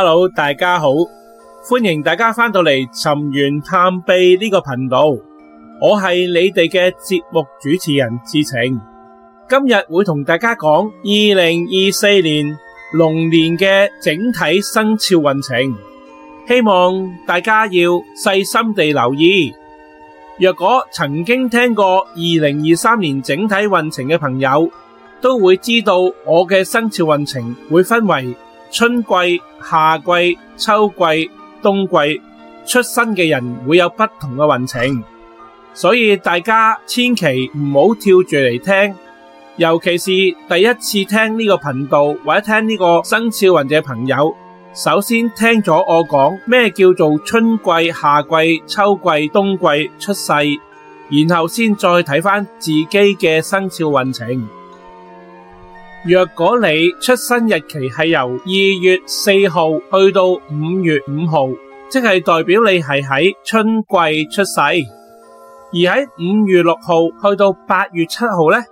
Hello，大家好，歡迎大家翻到嚟尋源探秘呢個頻道，我係你哋嘅節目主持人智澄，今日會同大家講二零二四年龍年嘅整體生肖運程，希望大家要細心地留意。若果曾經聽過二零二三年整體運程嘅朋友，都會知道我嘅生肖運程會分為，春季、夏季、秋季、冬季出生嘅人會有不同嘅運程，所以大家千祈唔好跳住嚟聽，尤其是第一次聽呢個頻道或者聽呢個生肖運嘅朋友，首先聽咗我講咩叫做春季、夏季、秋季、冬季出世，然後先再睇返自己嘅生肖運程。若果你出生日期係由二月四號去到五月五號，即係代表你係喺春季出世；而喺五月六號去到八月七號咧，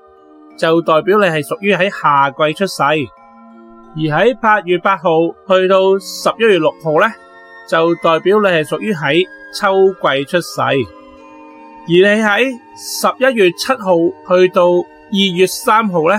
就代表你係屬於喺夏季出世；而喺八月八號去到十一月六號咧，就代表你係屬於喺秋季出世；而你喺十一月七號去到二月三號咧。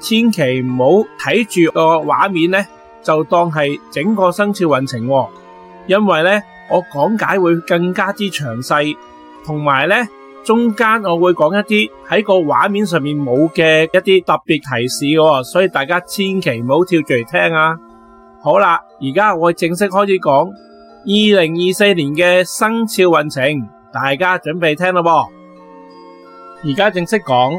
千祈唔好睇住個畫面呢，就當係整個生肖運程，因為呢，我講解會更加之詳細，同埋呢，中間我會講一啲喺個畫面上面冇嘅一啲特別提示嘅，所以大家千祈唔好跳住嚟聽啊！好啦，而家我正式開始講二零二四年嘅生肖運程，大家準備聽咯，而家正式講。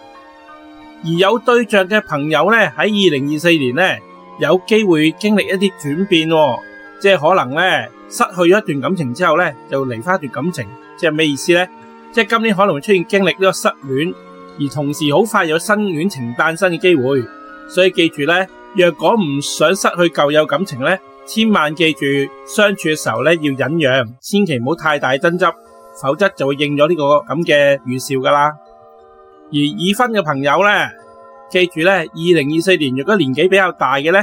而有對象嘅朋友呢，喺二零二四年呢，有機會經歷一啲轉變喎，即係可能呢失去咗一段感情之後呢，就離翻一段感情，即係咩意思呢？即係今年可能會出現經歷呢個失戀，而同時好快有新戀情誕生嘅機會。所以記住呢，若果唔想失去舊有感情呢，千萬記住相處嘅時候呢要忍讓，千祈唔好太大爭執，否則就會應咗呢個咁嘅預兆噶啦。而已婚嘅朋友呢，記住呢，二零二四年若果年紀比較大嘅呢，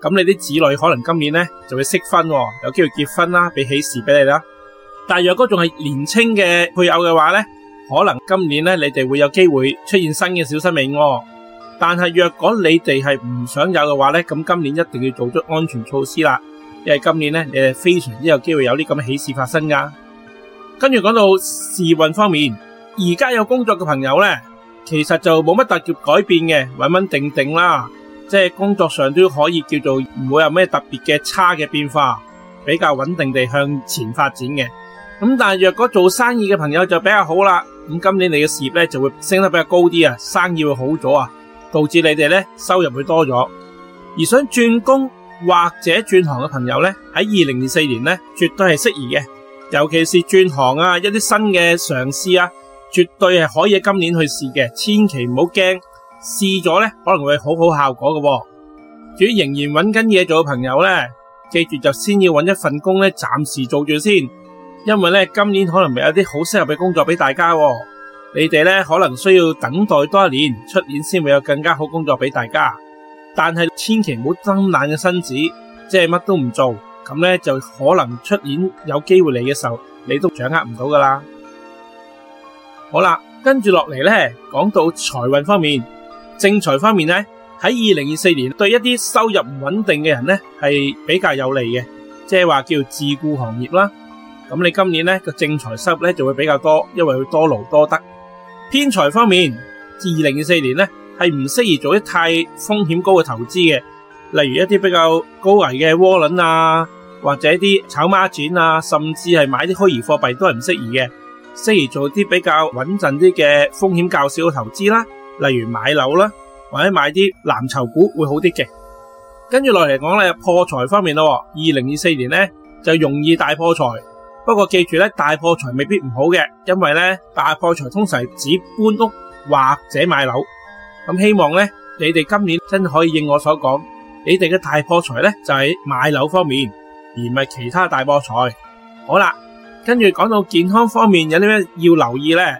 咁你啲子女可能今年呢就會識婚、哦，有機會結婚啦，俾喜事俾你啦。但若果仲係年青嘅配偶嘅話呢，可能今年呢你哋會有機會出現新嘅小生命。但係若果你哋係唔想有嘅話呢，咁今年一定要做足安全措施啦。因為今年呢你哋非常之有機會有啲咁嘅喜事發生噶。跟住講到時運方面，而家有工作嘅朋友呢。其實就冇乜特別改變嘅，穩穩定定啦，即係工作上都可以叫做唔會有咩特別嘅差嘅變化，比較穩定地向前發展嘅。咁但係若果做生意嘅朋友就比較好啦，咁今年你嘅事業咧就會升得比較高啲啊，生意會好咗啊，導致你哋咧收入會多咗。而想轉工或者轉行嘅朋友咧，喺二零二四年咧絕對係適宜嘅，尤其是轉行啊，一啲新嘅嘗試啊。絕對係可以今年去試嘅，千祈唔好驚，試咗呢可能會好好效果嘅喎。至於仍然揾緊嘢做嘅朋友呢，記住就先要揾一份工呢，暫時做住先，因為呢，今年可能未有啲好適合嘅工作俾大家喎。你哋呢，可能需要等待多一年，出年先會有更加好工作俾大家。但係千祈唔好睜懶嘅身子，即係乜都唔做，咁呢，就可能出年有機會嚟嘅時候，你都掌握唔到噶啦。好啦，跟住落嚟咧，講到財運方面，正財方面咧，喺二零二四年對一啲收入唔穩定嘅人咧係比較有利嘅，即係話叫自僱行業啦。咁你今年咧個正財收入咧就會比較多，因為佢多勞多得。偏財方面，自二零二四年咧係唔適宜做啲太風險高嘅投資嘅，例如一啲比較高危嘅窩輪啊，或者啲炒孖展啊，甚至係買啲虛擬貨幣都係唔適宜嘅。適宜做啲比較穩陣啲嘅風險較少嘅投資啦，例如買樓啦，或者買啲藍籌股會好啲嘅。跟住落嚟講咧，破財方面咯，二零二四年咧就容易大破財。不過記住咧，大破財未必唔好嘅，因爲咧大破財通常係指搬屋或者買樓。咁希望咧，你哋今年真係可以應我所講，你哋嘅大破財咧就喺買樓方面，而唔係其他大破財。好啦。跟住講到健康方面有啲咩要留意咧？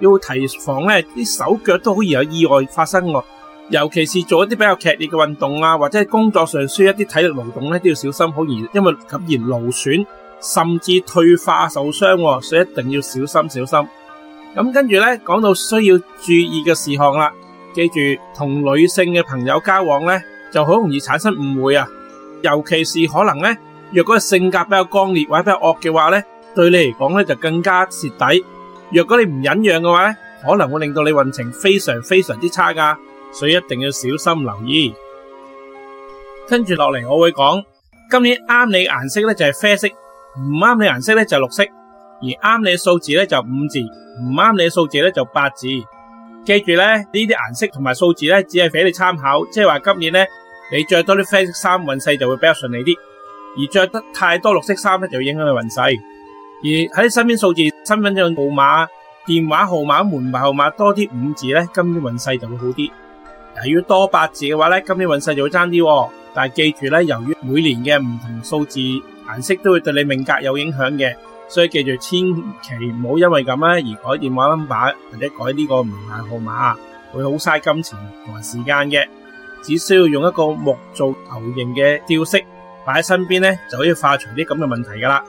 要提防咧，啲手腳都好易有意外發生喎。尤其是做一啲比較劇烈嘅運動啊，或者工作上需要一啲體力勞動咧，都要小心，好易因為突然勞損，甚至退化受傷，所以一定要小心小心。咁跟住咧，講到需要注意嘅事項啦，記住同女性嘅朋友交往咧，就好容易產生誤會啊。尤其是可能咧，若果性格比較剛烈或者比較惡嘅話咧。對你嚟講咧就更加蝕底。若果你唔忍讓嘅話咧，可能會令到你運程非常非常之差噶，所以一定要小心留意。跟住落嚟我會講今年啱你顏色咧就係啡色，唔啱你顏色咧就綠色，而啱你數字咧就五字，唔啱你數字咧就八字。記住咧，呢啲顏色同埋數字咧只係俾你參考，即係話今年咧你着多啲啡色衫運勢就會比較順利啲，而着得太多綠色衫咧就會影響你運勢。而喺身邊數字，身份證號碼、電話號碼、門牌號碼多啲五字咧，今年運勢就會好啲。要多八字嘅話咧，今年運勢就會差啲。但係記住咧，由於每年嘅唔同數字顏色都會對你命格有影響嘅，所以記住千祈唔好因為咁啊而改電話 number 或者改呢個門牌號碼，會好嘥金錢同埋時間嘅。只需要用一個木做頭型嘅吊飾擺喺身邊咧，就可以化除啲咁嘅問題噶啦。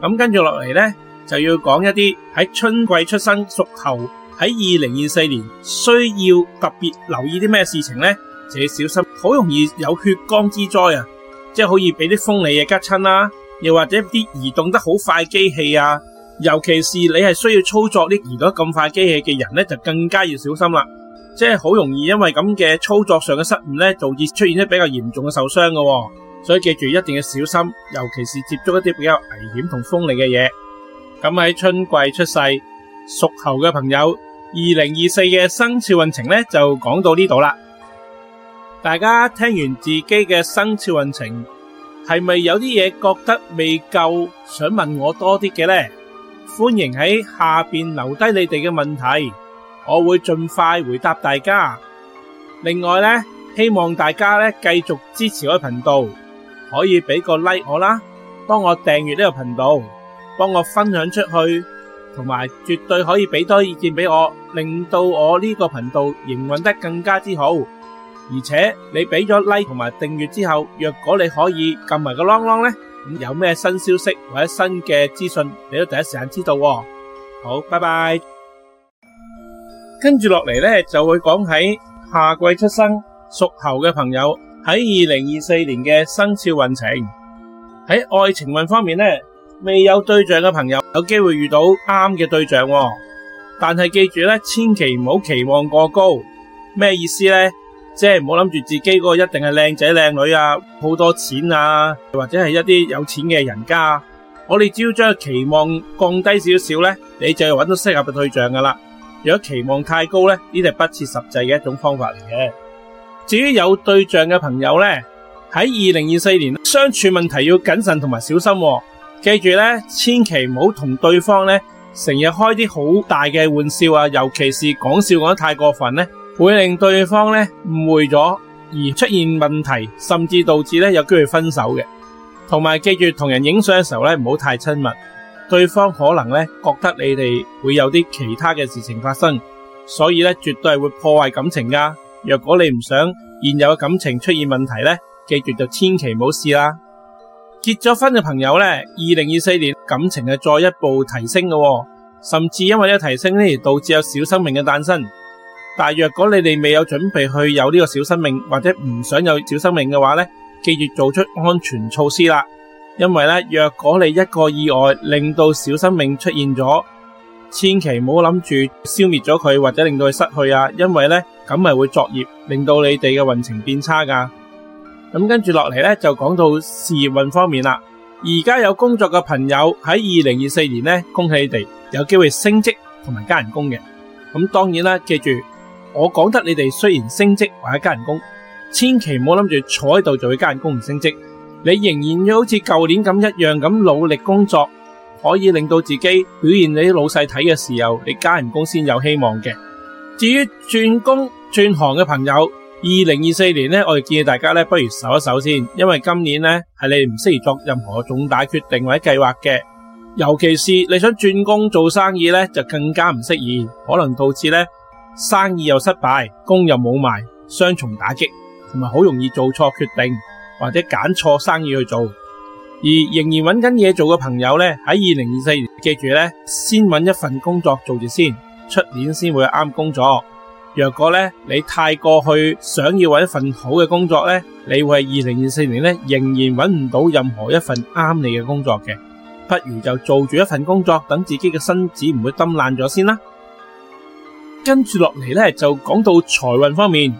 咁跟住落嚟咧，就要講一啲喺春季出生屬猴喺二零二四年需要特別留意啲咩事情咧？就係要小心，好容易有血光之災啊！即係可以俾啲鋒利嘅吉親啦，又或者啲移動得好快機器啊，尤其是你係需要操作啲移動得咁快機器嘅人咧，就更加要小心啦！即係好容易因為咁嘅操作上嘅失誤咧，導致出現啲比較嚴重嘅受傷噶啊。所以記住一定要小心，尤其是接觸一啲比較危險同鋒利嘅嘢。咁喺春季出世屬猴嘅朋友，二零二四嘅生肖運程咧就講到呢度啦。大家聽完自己嘅生肖運程，係咪有啲嘢覺得未夠，想問我多啲嘅咧？歡迎喺下邊留低你哋嘅問題，我會盡快回答大家。另外咧，希望大家咧繼續支持我嘅頻道。可以俾個 like 我啦，幫我訂閱呢個頻道，幫我分享出去，同埋絕對可以俾多意見俾我，令到我呢個頻道營運得更加之好。而且你俾咗 like 同埋訂閱之後，若果你可以撳埋個 long long 咧，咁有咩新消息或者新嘅資訊，你都第一時間知道啊。好，拜拜。跟住落嚟咧，就會講喺夏季出生屬猴嘅朋友。喺二零二四年嘅生肖運程，喺愛情運方面咧，未有對象嘅朋友有機會遇到啱嘅對象，但係記住咧，千祈唔好期望過高。咩意思呢？即係唔好諗住自己嗰個一定係靚仔靚女啊，好多錢啊，或者係一啲有錢嘅人家。我哋只要將期望降低少少呢，你就會揾到適合嘅對象噶啦。如果期望太高呢，呢啲係不切實際嘅一種方法嚟嘅。至於有對象嘅朋友呢，喺二零二四年相處問題要謹慎同埋小心哦，記住呢，千祈唔好同對方呢成日開啲好大嘅玩笑啊，尤其是講笑講得太過分呢，會令對方呢誤會咗而出現問題，甚至導致呢有機會分手嘅。同埋記住同人影相嘅時候呢，唔好太親密，對方可能呢覺得你哋會有啲其他嘅事情發生，所以呢絕對係會破壞感情噶啊。若果你唔想現有嘅感情出現問題呢，記住就千祈唔好試啦。結咗婚嘅朋友呢，二零二四年感情係再一步提升嘅，甚至因為呢個提升呢，導致有小生命嘅誕生。但若果你哋未有準備去有呢個小生命，或者唔想有小生命嘅話呢，記住做出安全措施啦。因為呢，若果你一個意外令到小生命出現咗。千祈唔好諗住消滅咗佢或者令到佢失去啊，因為呢咁咪會作孽，令到你哋嘅運程變差㗎。咁跟住落嚟呢就講到事業運方面啦。而家有工作嘅朋友喺二零二四年呢，恭喜你哋有機會升職同埋加人工嘅。咁當然啦，記住我講得你哋雖然升職或者加人工，千祈唔好諗住坐喺度就會加人工唔升職，你仍然要好似舊年咁一樣咁努力工作，可以令到自己表現，你老細睇嘅時候，你加人工先有希望嘅。至於轉工轉行嘅朋友，二零二四年咧，我哋建議大家咧，不如守一守先，因為今年咧係你唔適宜作任何重大決定或者計劃嘅。尤其是你想轉工做生意咧，就更加唔適宜，可能導致咧生意又失敗，工又冇埋，雙重打擊，同埋好容易做錯決定或者揀錯生意去做。而仍然揾緊嘢做嘅朋友呢，喺二零二四年，記住呢，先揾一份工作做住先，出年先會啱工作。若果呢，你太過去想要揾一份好嘅工作呢，你會喺二零二四年呢，仍然揾唔到任何一份啱你嘅工作嘅，不如就做住一份工作，等自己嘅身子唔會冧爛咗先啦。跟住落嚟呢就講到財運方面，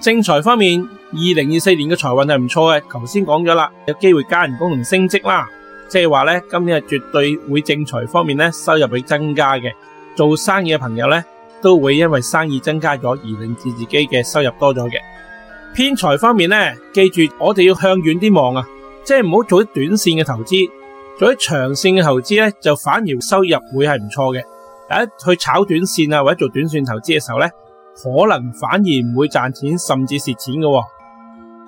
正財方面。二零二四年嘅財運係唔錯嘅，頭先講咗啦，有機會加人工同升職啦，即係話咧，今年係絕對會正財方面咧收入會增加嘅，做生意嘅朋友咧都會因為生意增加咗而令至自己嘅收入多咗嘅。偏財方面咧，記住我哋要向遠啲望啊，即係唔好做啲短線嘅投資，做啲長線嘅投資咧就反而收入會係唔錯嘅。但係去炒短線啊或者做短線投資嘅時候咧，可能反而唔會賺錢，甚至蝕錢嘅。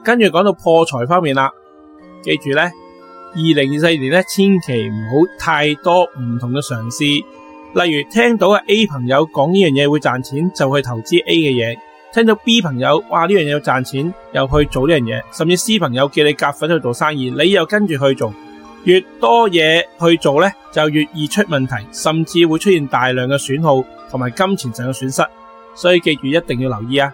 跟住講到破財方面啦，記住咧，二零二四年咧，千祈唔好太多唔同嘅嘗試，例如聽到啊 A 朋友講呢樣嘢會賺錢，就去投資 A 嘅嘢；聽到 B 朋友話呢樣嘢要賺錢，又去做呢樣嘢，甚至 C 朋友叫你夾份去做生意，你又跟住去做，越多嘢去做咧，就越易出問題，甚至會出現大量嘅損耗同埋金錢上嘅損失。所以記住一定要留意啊！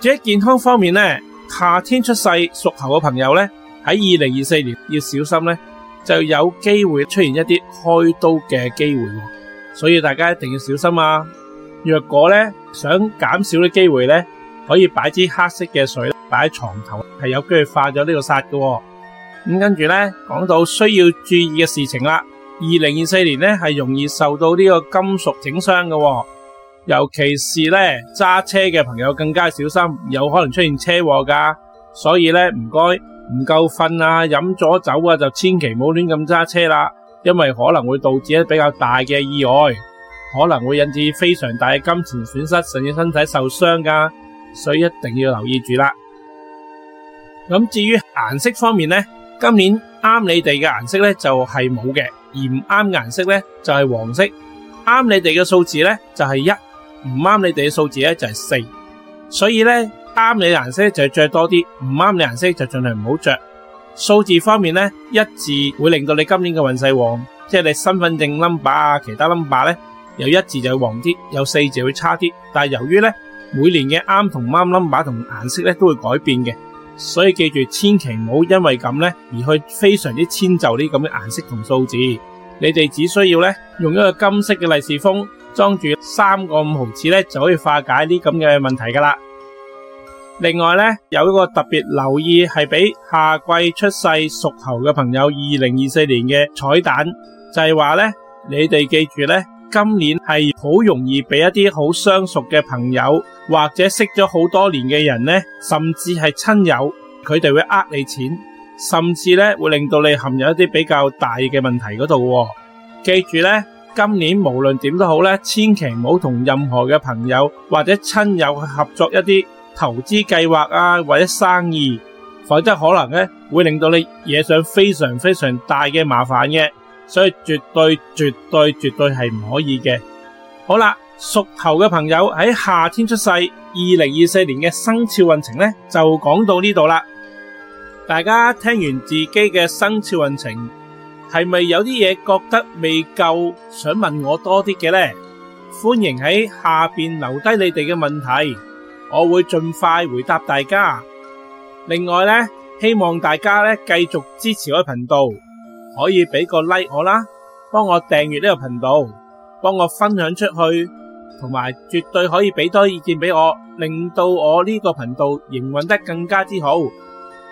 至於健康方面咧。夏天出世屬猴嘅朋友呢，喺二零二四年要小心呢，就有機會出現一啲開刀嘅機會，所以大家一定要小心啊！若果呢，想減少啲機會呢，可以擺支黑色嘅水擺喺床頭，係有機會化咗呢個煞嘅哦。咁跟住呢，講到需要注意嘅事情啦，二零二四年呢，係容易受到呢個金屬整傷嘅。尤其是咧揸車嘅朋友更加小心，有可能出現車禍噶。所以咧唔該，唔夠瞓啊，飲咗酒啊就千祈唔好亂咁揸車啦，因為可能會導致一比較大嘅意外，可能會引致非常大嘅金錢損失，甚至身體受傷噶。所以一定要留意住啦。咁至於顏色方面咧，今年啱你哋嘅顏色咧就係冇嘅，而唔啱顏色咧就係黃色。啱你哋嘅數字咧就係一。唔啱你哋嘅數字咧就係四，所以咧啱你顏色就着多啲，唔啱你顏色就盡量唔好着。數字方面咧，一字會令到你今年嘅運勢旺，即係你身份證 number 啊，其他 number 咧有一字就會旺啲，有四字會差啲。但係由於咧每年嘅啱同唔啱 number 同顏色咧都會改變嘅，所以記住千祈唔好因為咁咧而去非常之遷就呢咁嘅顏色同數字。你哋只需要咧用一個金色嘅利是封。裝住三個五毫紙咧，就可以化解呢咁嘅問題噶啦。另外咧，有一個特別留意係俾夏季出世屬猴嘅朋友，二零二四年嘅彩蛋就係話咧，你哋記住咧，今年係好容易俾一啲好相熟嘅朋友或者識咗好多年嘅人咧，甚至係親友，佢哋會呃你錢，甚至咧會令到你陷入一啲比較大嘅問題嗰度喎。記住咧。今年無論點都好呢，千祈唔好同任何嘅朋友或者親友合作一啲投資計劃啊，或者生意，否則可能呢會令到你惹上非常非常大嘅麻煩嘅，所以絕對絕對絕對係唔可以嘅。好啦，屬猴嘅朋友喺夏天出世，二零二四年嘅生肖運程呢就講到呢度啦。大家聽完自己嘅生肖運程。係咪有啲嘢，覺得未夠，想問我多啲嘅咧？歡迎喺下邊留低你哋嘅問題，我會盡快回答大家。另外咧，希望大家咧繼續支持我嘅頻道，可以俾個 like 我啦，幫我訂閱呢個頻道，幫我分享出去，同埋絕對可以俾多意見俾我，令到我呢個頻道營運得更加之好。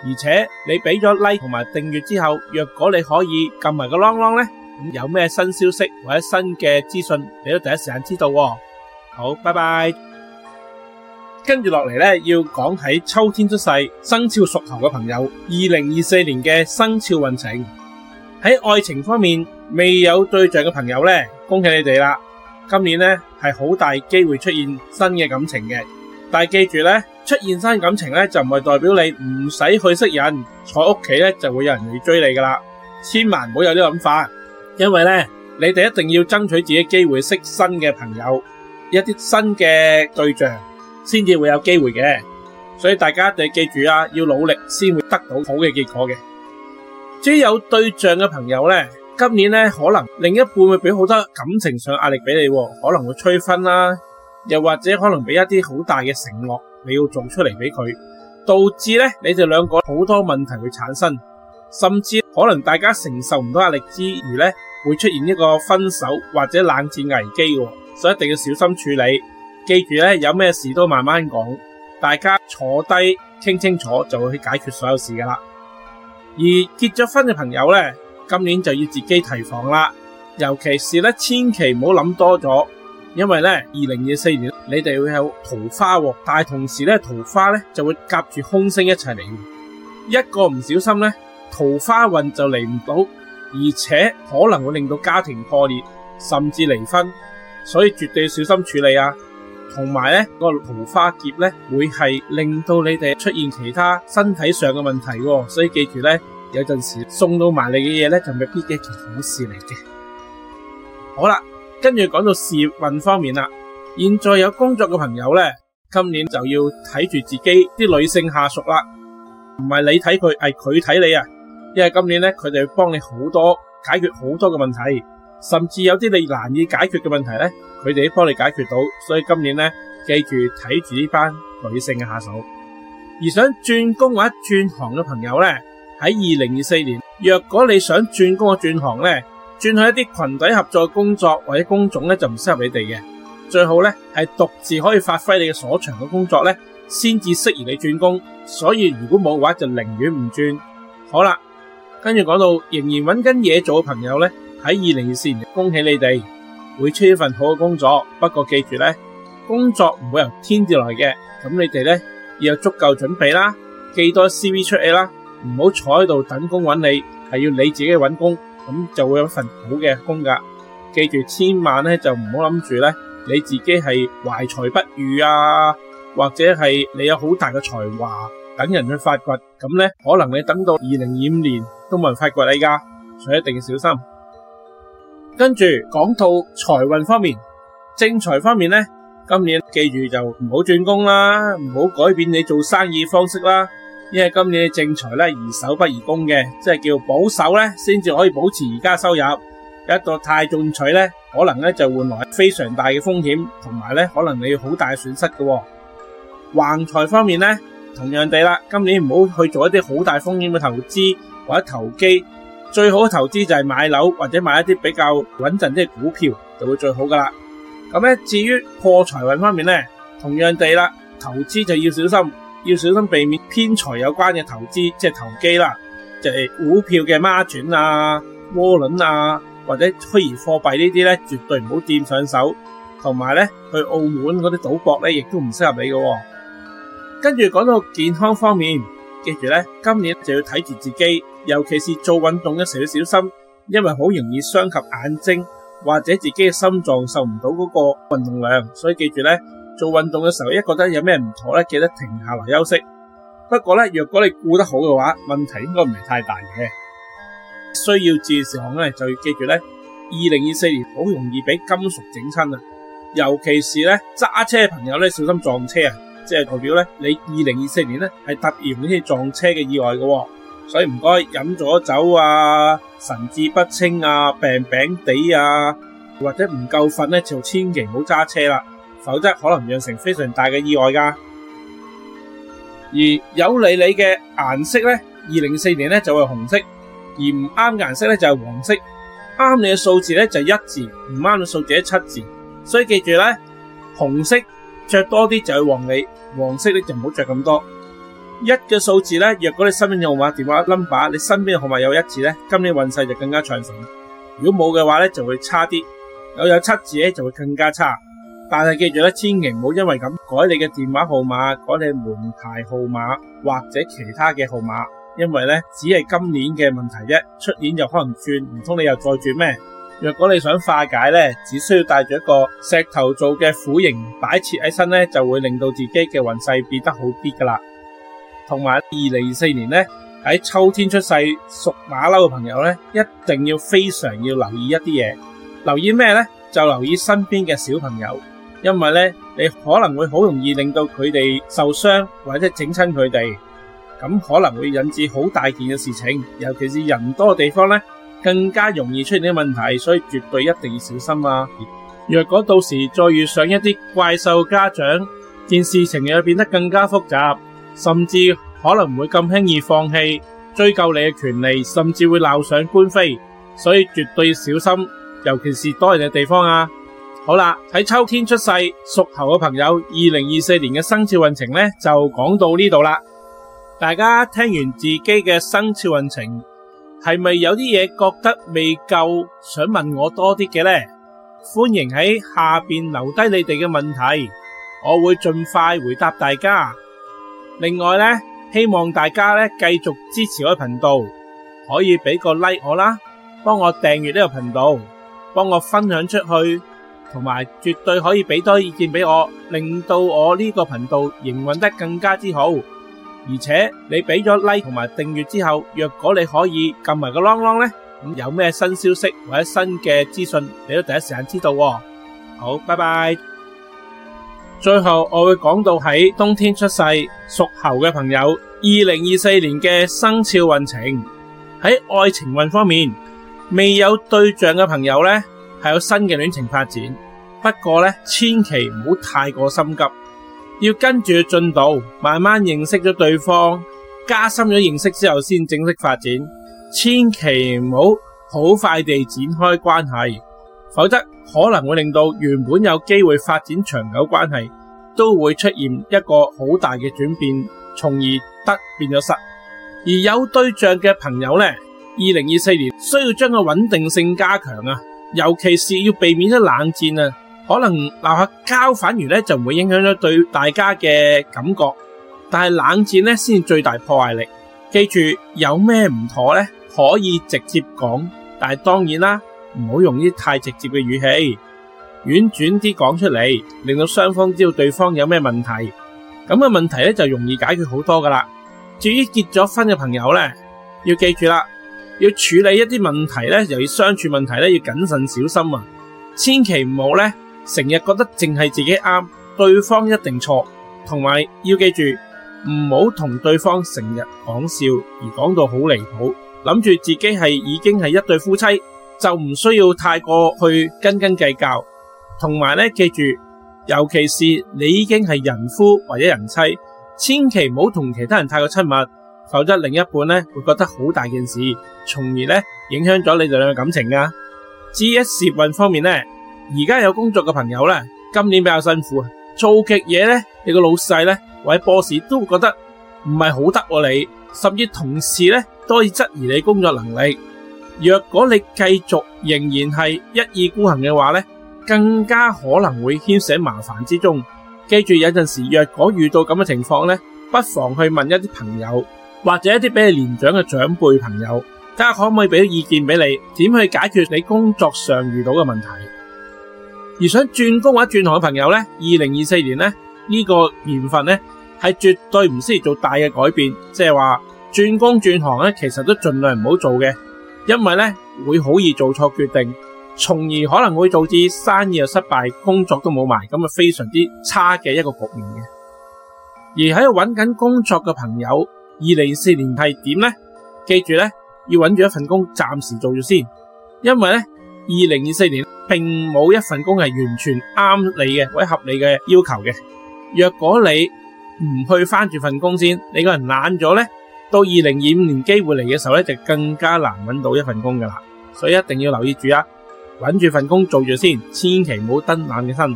而且你俾咗 like 同埋訂閱之後，若果你可以撳埋個啷啷咧，咁有咩新消息或者新嘅資訊，你都第一時間知道。好，拜拜。跟住落嚟咧，要講喺秋天出世、生肖屬猴嘅朋友，二零二四年嘅生肖運程。喺愛情方面未有對象嘅朋友咧，恭喜你哋啦！今年咧係好大機會出現新嘅感情嘅，但係記住咧。出現新感情咧，就唔係代表你唔使去識人，坐屋企咧就會有人嚟追你噶啦。千萬唔好有啲諗法，因為咧你哋一定要爭取自己機會識新嘅朋友，一啲新嘅對象先至會有機會嘅。所以大家一定要記住啊，要努力先會得到好嘅結果嘅。至於有對象嘅朋友咧，今年咧可能另一半會俾好多感情上壓力俾你，可能會催婚啦，又或者可能俾一啲好大嘅承諾。你要做出嚟俾佢，導致咧你哋兩個好多問題會產生，甚至可能大家承受唔到壓力之餘咧，會出現一個分手或者冷戰危機，所以一定要小心處理。記住咧，有咩事都慢慢講，大家坐低，傾清楚就會去解決所有事噶啦。而結咗婚嘅朋友咧，今年就要自己提防啦，尤其是咧，千祈唔好諗多咗。因為咧，二零二四年你哋會有桃花，但係同時咧，桃花咧就會夾住空星一齊嚟，一個唔小心咧，桃花運就嚟唔到，而且可能會令到家庭破裂，甚至離婚，所以絕對要小心處理啊。同埋咧，嗰個桃花劫咧會係令到你哋出現其他身體上嘅問題，所以記住咧，有陣時送到埋嚟嘅嘢咧就未必係一件好事嚟嘅。好啦。跟住講到事業運方面啦，現在有工作嘅朋友咧，今年就要睇住自己啲女性下屬啦，唔係你睇佢，係佢睇你啊！因為今年咧，佢哋會幫你好多解決好多嘅問題，甚至有啲你難以解決嘅問題咧，佢哋都幫你解決到。所以今年咧，記住睇住呢班女性嘅下屬。而想轉工或者轉行嘅朋友咧，喺二零二四年，若果你想轉工或轉行咧，轉去一啲群體合作嘅工作或者工種咧，就唔適合你哋嘅，最好咧係獨自可以發揮你嘅所長嘅工作咧先至適宜你轉工。所以如果冇嘅話就寧願唔轉。好啦，跟住講到仍然揾緊嘢做嘅朋友咧，喺二零二四年，恭喜你哋會出一份好嘅工作。不過記住咧，工作唔會由天掉來嘅，咁你哋咧要有足夠準備啦，記多 CV 出嚟啦，唔好坐喺度等工揾你，係要你自己揾工。咁就會有份好嘅工噶，記住千萬咧就唔好諗住咧你自己係懷才不遇啊，或者係你有好大嘅才華等人去發掘，咁咧可能你等到二零二五年都冇人發掘你噶，所以一定要小心。跟住講到財運方面、正財方面咧，今年記住就唔好轉工啦，唔好改變你做生意方式啦。因為今年嘅正財咧，宜守不宜攻嘅，即係叫保守咧，先至可以保持而家收入。一個太進取咧，可能咧就換來非常大嘅風險，同埋咧可能你要好大嘅損失嘅。橫財方面咧，同樣地啦，今年唔好去做一啲好大風險嘅投資或者投機。最好嘅投資就係買樓或者買一啲比較穩陣啲嘅股票，就會最好噶啦。咁咧至於破財運方面咧，同樣地啦，投資就要小心。要小心避免偏財有關嘅投資，即係投機啦，就係、是、股票嘅孖展啊、窩輪啊，或者虛擬貨幣呢啲咧，絕對唔好掂上手。同埋咧，去澳門嗰啲賭博咧，亦都唔適合你嘅喎。跟住講到健康方面，記住咧，今年就要睇住自己，尤其是做運動嘅時候要小心，因為好容易傷及眼睛或者自己嘅心臟受唔到嗰個運動量。所以記住咧。做運動嘅時候，一覺得有咩唔妥咧，記得停下來休息。不過咧，若果你顧得好嘅話，問題應該唔係太大嘅。需要注意事項咧，就要記住咧。二零二四年好容易俾金屬整親啊，尤其是咧揸車嘅朋友咧，小心撞車啊！即係代表咧，你二零二四年咧係特別容易撞車嘅意外嘅，所以唔該飲咗酒啊，神志不清啊，病病地啊，或者唔夠瞓咧，就千祈唔好揸車啦。否則可能釀成非常大嘅意外㗎。而有利你嘅顏色呢，二零四年呢就係紅色，而唔啱嘅顏色呢，就係黃色。啱你嘅數字呢，就係一字，唔啱嘅數字係七字。所以記住呢，紅色着多啲，就係黃你黃色你就唔好着咁多。一嘅數字呢，若果你身份證號碼電話 number 你身邊號碼有一字呢，今年運勢就更加暢順。如果冇嘅話呢，就會差啲，有有七字呢就會更加差。但係記住咧，千祈唔好因為咁改你嘅電話號碼、改你門牌號碼或者其他嘅號碼，因為咧只係今年嘅問題啫，出年就可能轉，唔通你又再轉咩？若果你想化解咧，只需要帶住一個石頭做嘅虎形擺設喺身咧，就會令到自己嘅運勢變得好啲噶啦。同埋二零二四年咧喺秋天出世屬馬騮嘅朋友咧，一定要非常要留意一啲嘢，留意咩咧？就留意身邊嘅小朋友。因為咧，你可能會好容易令到佢哋受傷或者整親佢哋，咁可能會引致好大件嘅事情，尤其是人多嘅地方咧，更加容易出現啲問題，所以絕對一定要小心啊！若果到時再遇上一啲怪獸家長，件事情又變得更加複雜，甚至可能唔會咁輕易放棄追究你嘅權利，甚至會鬧上官非，所以絕對要小心，尤其是多人嘅地方啊！好啦，喺秋天出世屬猴嘅朋友，二零二四年嘅生肖運程呢就講到呢度啦。大家聽完自己嘅生肖運程，係咪有啲嘢覺得未夠，想問我多啲嘅呢？歡迎喺下邊留低你哋嘅問題，我會盡快回答大家。另外呢，希望大家呢繼續支持我嘅頻道，可以俾個 like 我啦，幫我訂閱呢個頻道，幫我分享出去。同埋絕對可以俾多意見俾我，令到我呢個頻道營運得更加之好。而且你俾咗 like 同埋訂閱之後，若果你可以撳埋個啷啷咧，噉有咩新消息或者新嘅資訊，你都第一時間知道。好，拜拜。最後我會講到喺冬天出世屬猴嘅朋友，二零二四年嘅生肖運程。喺愛情運方面，未有對象嘅朋友咧係有新嘅戀情發展。不過咧，千祈唔好太過心急，要跟住佢進度，慢慢認識咗對方，加深咗認識之後先正式發展。千祈唔好好快地展開關係，否則可能會令到原本有機會發展長久關係，都會出現一個好大嘅轉變，從而得變咗失。而有對象嘅朋友呢，二零二四年需要將個穩定性加強啊，尤其是要避免一冷戰啊。可能鬧下交反而咧，就唔會影響咗對大家嘅感覺。但係冷戰咧，先最大破壞力。記住有咩唔妥咧，可以直接講。但係當然啦，唔好用啲太直接嘅語氣，婉轉啲講出嚟，令到雙方知道對方有咩問題。咁嘅問題咧就容易解決好多噶啦。至於結咗婚嘅朋友咧，要記住啦，要處理一啲問題咧，又要相處問題咧，要謹慎小心啊，千祈唔好咧。成日覺得淨係自己啱，對方一定錯。同埋要記住，唔好同對方成日講笑，而講到好離譜。諗住自己係已經係一對夫妻，就唔需要太過去斤斤計較。同埋咧，記住，尤其是你已經係人夫或者人妻，千祈唔好同其他人太過親密，否則另一半咧會覺得好大件事，從而咧影響咗你哋兩個感情噶。至於事運方面咧。而家有工作嘅朋友呢，今年比較辛苦，做極嘢呢，你個老細呢，或者 boss 都會覺得唔係好得、啊、你，甚至同事呢都可以質疑你工作能力。若果你繼續仍然係一意孤行嘅話呢，更加可能會牽涉麻煩之中。記住有陣時，若果遇到咁嘅情況呢，不妨去問一啲朋友或者一啲比你年長嘅長輩朋友，睇下可唔可以俾啲意見俾你點去解決你工作上遇到嘅問題。而想轉工或者轉行嘅朋友呢，二零二四年呢，呢、呢個年份呢，係絕對唔適宜做大嘅改變，即係話轉工轉行呢，其實都盡量唔好做嘅，因為呢會好易做錯決定，從而可能會導致生意又失敗，工作都冇埋，咁啊非常之差嘅一個局面嘅。而喺度搵緊工作嘅朋友，二零二四年係點呢？記住呢，要搵住一份工暫時做住先，因為呢。二零二四年並冇一份工係完全啱你嘅或者合你嘅要求嘅。若果你唔去返住份工先，你個人懶咗咧，到二零二五年機會嚟嘅時候咧，就更加難搵到一份工㗎喇。所以一定要留意住啊，搵住份工做住先，千祈唔好蹬懶嘅身。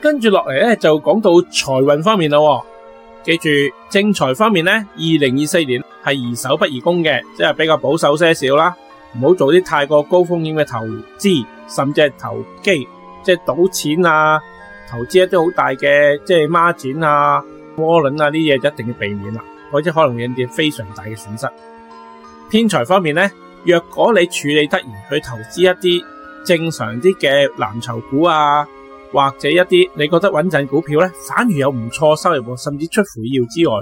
跟住落嚟咧，就講到財運方面咯，哦。記住，正財方面呢，二零二四年係宜守不宜攻嘅，即係比較保守些少啦。唔好做啲太過高風險嘅投資，甚至係投機，即係賭錢啊，投資一啲好大嘅即係孖展啊、渦輪啊呢嘢，一定要避免啦，或者可能引致非常大嘅損失。偏財方面咧，若果你處理得宜，去投資一啲正常啲嘅藍籌股啊，或者一啲你覺得穩陣股票咧，反而有唔錯收入，甚至出乎意料之外。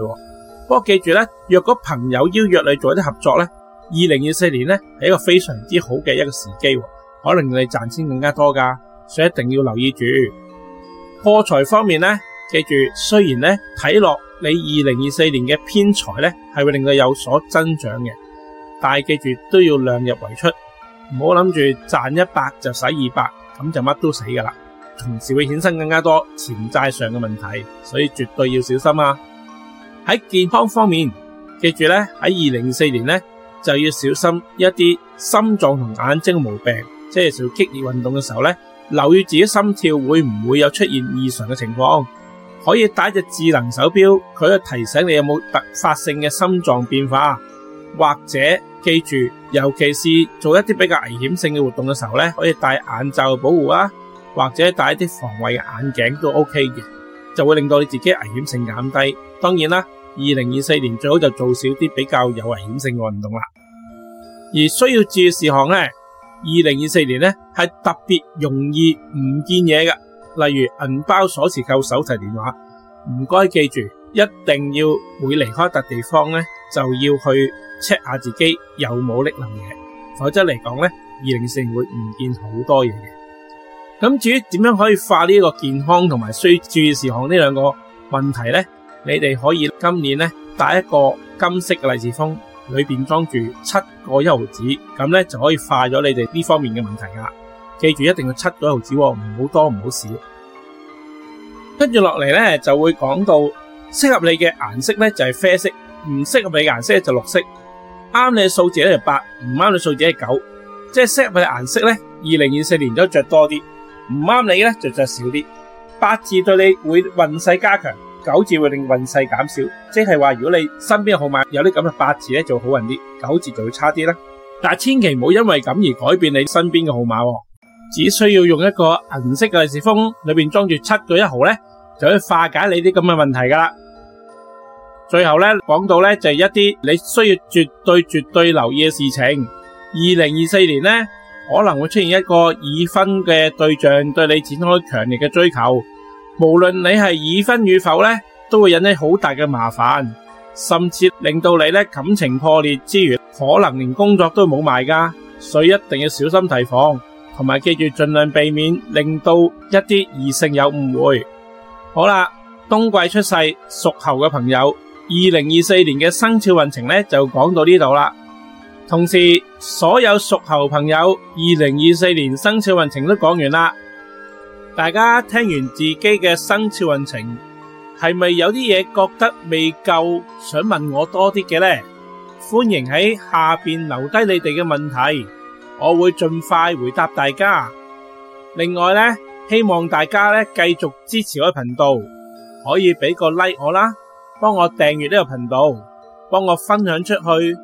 不過記住咧，若果朋友邀約你做一啲合作咧。二零二四年咧係一個非常之好嘅一個時機，可能你賺錢更加多噶，所以一定要留意住破財方面咧。記住，雖然咧睇落你二零二四年嘅偏財咧係會令到有所增長嘅，但係記住都要量入為出，唔好諗住賺一百就使二百咁就乜都死噶啦。同時會衍生更加多潛債上嘅問題，所以絕對要小心啊。喺健康方面，記住咧喺二零二四年咧。就要小心一啲心臟同眼睛嘅毛病，即係做激烈運動嘅時候呢，留意自己心跳會唔會有出現異常嘅情況，可以戴一隻智能手錶，佢去提醒你有冇突發性嘅心臟變化，或者記住，尤其是做一啲比較危險性嘅活動嘅時候呢，可以戴眼罩保護啊，或者戴一啲防衛嘅眼鏡都 OK 嘅，就會令到你自己危險性減低。當然啦。二零二四年最好就做少啲比較有危險性嘅運動啦。而需要注意事項咧，二零二四年咧係特別容易唔見嘢嘅，例如銀包、鎖匙扣、手提電話，唔該記住，一定要每離開笪地方咧就要去 check 下自己有冇拎漏嘢。否則嚟講咧，二零二四年會唔見好多嘢嘅。咁至於點樣可以化呢個健康同埋需要注意事項呢兩個問題咧？你哋可以今年呢帶一個金色嘅利是封，裏面裝住七個一毫紙，咁呢就可以化咗你哋呢方面嘅問題啊！記住一定要七個一毫紙，哦，唔好多唔好少。跟住落嚟，呢就會講到適合你嘅顏色呢就係啡色，唔適合你嘅顏色就是綠色。啱你嘅數字呢就八，唔啱你嘅數字係九。即係適合你嘅顏色呢，二零二四年都着多啲，唔啱你呢就着少啲。八字對你會運勢加強。九字會令運勢減少，即係話，如果你身邊嘅號碼有啲咁嘅八字咧，就好運啲；九字就會差啲啦。但係千祈唔好因為咁而改變你身邊嘅號碼，只需要用一個銀色嘅利是封，裏邊裝住七個一毫咧，就可以化解你啲咁嘅問題噶啦。最後咧講到咧就係一啲你需要絕對絕對留意嘅事情。二零二四年咧，可能會出現一個已婚嘅對象對你展開強烈嘅追求。無論你係已婚與否呢，都會引起好大嘅麻煩，甚至令到你感情破裂之餘，可能連工作都冇埋㗎，所以一定要小心提防，同埋記住盡量避免令到一啲異性有誤會。好啦，冬季出世屬猴嘅朋友，二零二四年嘅生肖運程呢就講到呢度啦。同時，所有屬猴朋友，二零二四年生肖運程都講完啦。大家聽完自己嘅生肖運程，係咪有啲嘢覺得未夠？想問我多啲嘅呢？歡迎喺下邊留低你哋嘅問題，我會盡快回答大家。另外呢，希望大家咧繼續支持我嘅頻道，可以俾個 like 我啦，幫我訂閱呢個頻道，幫我分享出去，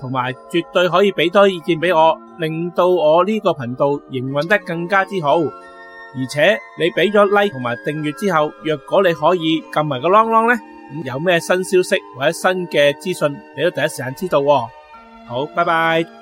同埋絕對可以俾多意見俾我，令到我呢個頻道營運得更加之好。而且你俾咗 like 同埋訂閱之後，若果你可以撳埋個 long long 咧，咁有咩新消息或者新嘅資訊，你都第一時間知道喎、哦。好，拜拜。